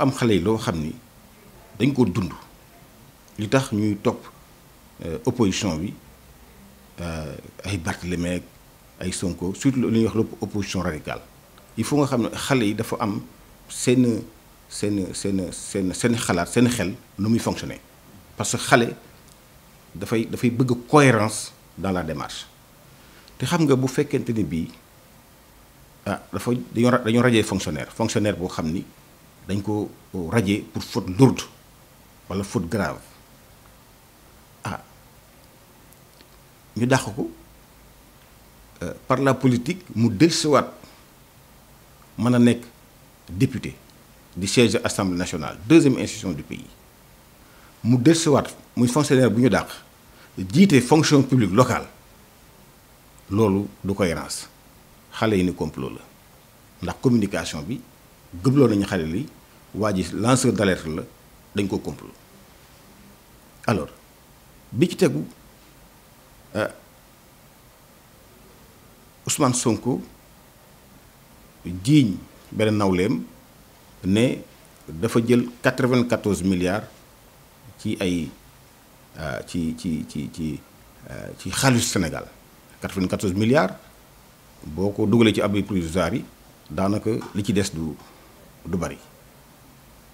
am xalé lo xamni dañ ko dund li tax ñuy top euh, opposition bi euh ay Barthélémy ay Sonko surtout li ñuy wax opposition radicale il faut nga xamni xalé yi dafa am sen sen sen sen sen xalaat sen xel nu muy fonctionner parce que xalé da fay da fay bëgg cohérence dans la démarche te xam nga bu fekkente ni bi ah dafa dañu dañoo rajee fonctionnaire fonctionnaire boo xamni dañ ko radier pour faute lourde wala faute grave ah ñu dakh ko euh, par la politique mu dellusiwaat mën a nek député du siège de assemblée nationale deuxième institution du pays mu wat muy fonctionnaire bu ñu dakh jité fonction publique locale lolu du cohérence xale xalé ni complot la ndax communication bi gëbloo nañu xalé li waa ji lanceur d'alerte la dañ ko complot alors bi ci tegu euh, Ousmane Sonko jiiñ benn nawleem ne dafa jël 94 milliards ci ay euh, ci ci ci ci euh, ci xaalis Sénégal 94 milliards boo ko dugalee ci abri provisoire yi daanaka li ci des du du bari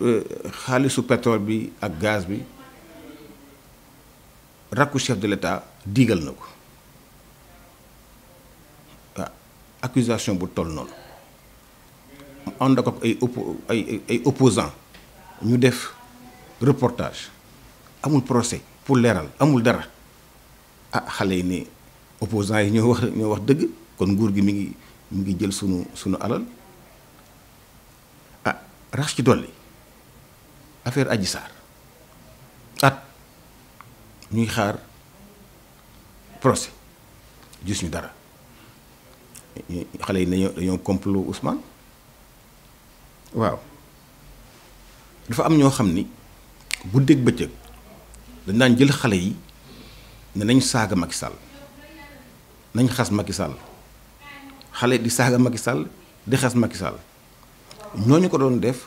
Euh, xaalisu pétrole bi ak gaz bi chef de l'État ah, accusation bu toll noonu ànd ko ay reportage amul procès pour leeral amul dara ah opposants yi ñoo wax wax kon nguur gi mi ngi ngi jël ah, affaire Adji Sarr at ñuy xaar procès gis ñu dara xale yi dañoo dañoo complot Ousmane waaw dafa am ñoo xam ni bu dégg bëccëg dañ daan jël xale yi ne nañ saaga Macky Sall nañ xas Macky Sall xale di saaga Macky Sall di xas Macky Sall ñooñu ko doon def.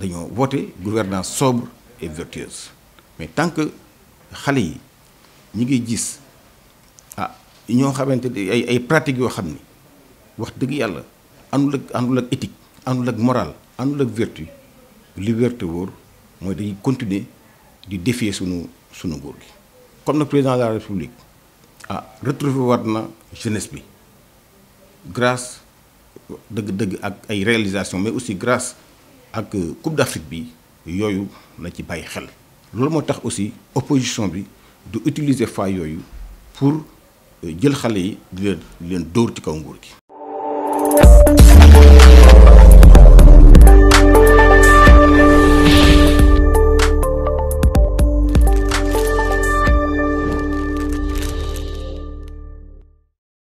dañoo voté gouvernance sobre et vertueuse mais tant que xale yi ñu ngi gis ah ñoo xamante ay ay pratiques yoo xam wax ak éthique àndul ak morale àndul ak vertu li liberté wóor mooy continuer di défier sunu sunu comme le président de la république ah retrouver war jeunesse bi grâce dëgg-dëgg ak ay réalisations mais aussi grâce ak euh, Coupe d'Afrique bi yoyu na ci baye xel lolu motax aussi opposition bi du utiliser fa yoyu pour euh, jël xalé yi di len di ci kaw nguur gi